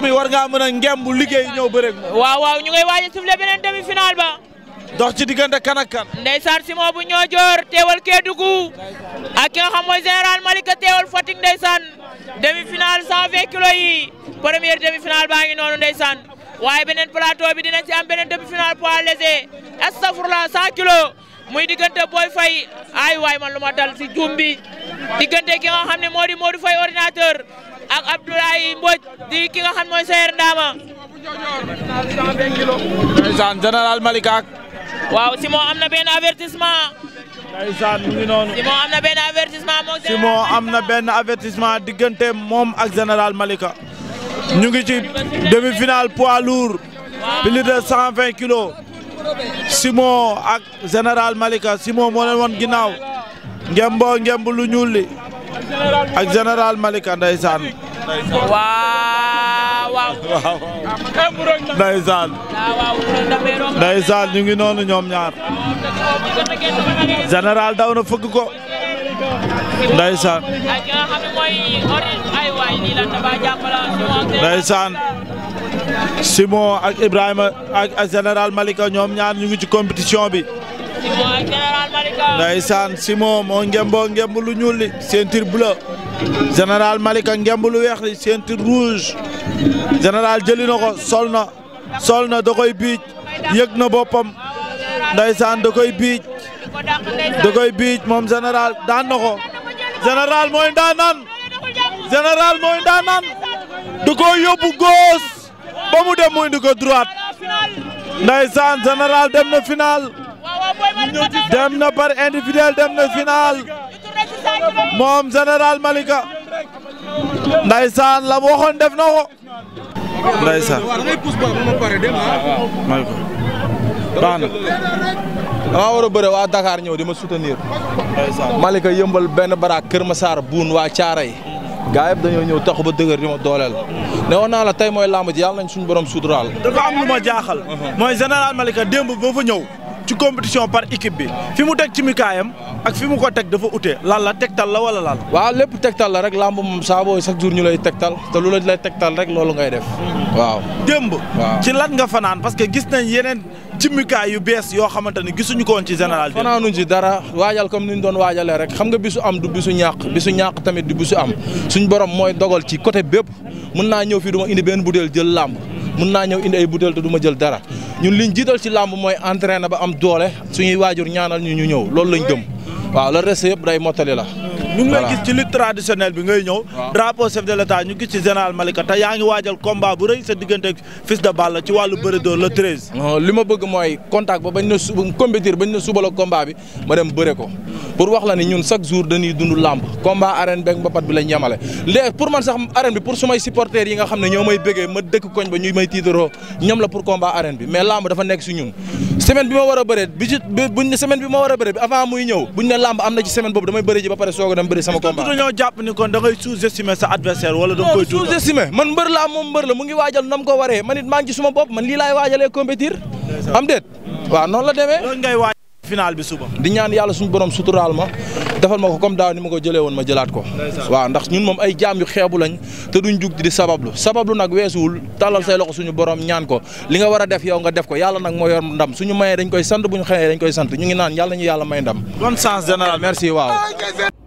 muy mi war ngaa mën a ngemb liggéey ñëw bëreeg moom. waaw waaw ñu ngay waaj a soufflé beneen demi final ba. dox ci diggante kan ak kan. ndeysaan Simon bu ñoo joor teewal Kédougou ak ki nga xam mooy général Malika teewal Fatick ndeysaan demi final 120 kilos yi première demi final baa ngi noonu san waaye beneen plateau bi dinañ ci am beneen demi final poids a astafurla 100 kilos muy diggante Boy Faye ay waay man lu ma dal si juum bi diggante ki a xam ne moo di Modou ordinateur. ak Abdoulaye Mbodj di ki nga xam mooy Seyer Ndama. ndeysaan waaw Simon am na benn avertissement. am na benn avertissement am na benn avertissement diggante moom ak général Malika. ñu ngi ci demi-finale poids lourd. plus de 120 kilos. Simon ak général Malika Simon moo leen woon ginnaaw. ngembo lu ñuul li ak général Malika ndeysaan waaw waaw. ndeysaan. ngi noonu ñoom ñaar. général daw na ko. ndeysaan. ndeysaan. Simon ak Ibrahima ak général Malika ñoom ñaar ñu ngi ci compétition bi. ndeysaan Simon moo ngemboo ngemb ñuul li ceinture bleu. général Malika ngemb lu weex li ceinture rouge général jëli na ko sol na sol na da koy biij yëg na boppam ndaysaan da koy biij da koy biij moom général daan na ko mooy ndaanaan général mooy ndaanaan da koy yóbbu góos ba mu dem muy ndi ko droite ndaysaan général dem na final dem na par individuel dem na final moom général Malika ndaysaan la waxoon def na ko ndaysaan may ko na damaa war a bëre waa ñëw di ma soutenir Malika yëmbal benn baraak Kër Massar buun waa caara yi gaa yëpp dañoo ñëw taxu ba dëgër di ma dooleel ne woon naa la tey mooy làmb ji yàlla nañ suñu borom suturaal dafa am lu ma jaaxal uh-huh. mooy général Malika démb boo fa ñëw ci compétition par équipe bi fi mu teg ci ak fi mu ko teg dafa ute lan la tegtal la wala lan. waaw lépp tegtal la rek làmb moom saa booy chaque jour ñu lay tegtal te lu la lay tegtal rek loolu ngay def. waaw démb. ci lan nga fanaan parce que gis nañ yeneen jimikaay yu bees yoo xamante ni gisuñu ko woon ci général. fanaanuñ ci dara waajal comme ni ñu doon waajalee rek xam nga bisu am du bisu ñàkk bisu ñàkk tamit du bisu am suñ borom mooy dogal ci côté bépp mën naa ñëw fii du ma indi benn budeel jël làmb. mun naa ñëw indi ay butéel te du ma jël dara ñun liñ jiital ci làmb mooy entraîné ba am doole suñuy waajur ñaanal ñu ñu ñëw loolu lañ gëm waaw le reste yëpp day mottali la ñu ngi lay gis ci lutte traditionnelle bi ngay ñëw drapeau chef de l'état ñu gis ci général Malika te yaa ngi waajal combat bu rëy sa diggante ak fils de Balla ci wàllu bëre door le treize li ma bëgg mooy contact ba bañ na suba compétir bañ na suba la combat bi ma dem bëre ko pour wax la ni ñun chaque jour dañuy dund làmb combat arène beeg mbapat bi lañ yemale léegi pour man sax arène bi pour sumay supporters yi nga xam ne ñoo may bëggee ma dëkk koñ ba ñuy may tiitaroo ñoom la pour combat arène bi mais làmb dafa nekk si ñun semaine bi ma war a bëre bi semaine bi ma war a bëre avant muy ñëw buñ ne làmb am na ci semaine boobu damay bëri ba pare soog a dem bëri sama combat dañoo jàpp ni kon da ngay sous-estimer sa adversaire wala da nga koy man mbër la moom mbër la mu ngi waajal nam ko waree man it suma bopp man lii waajalee compétir am déet waaw noonu la demee final bi suba di ñaan yàlla suñu borom suturaal ma defal ma ko comme daaw ni ma ko jëlee woon ma jëlaat ko waaw ndax ñun moom ay jaam yu xeebu lañ te duñ jug di sabablu sabablu nag weesuwul tàllal say loxo suñu borom ñaan ko li nga war a def yow nga def ko yàlla nag moo yor ndam suñu mayee dañ koy sant bu ñu xëyee dañ koy sant ñu ngi naan yàlla ñu yàlla may ndam bonne chance général merci waaw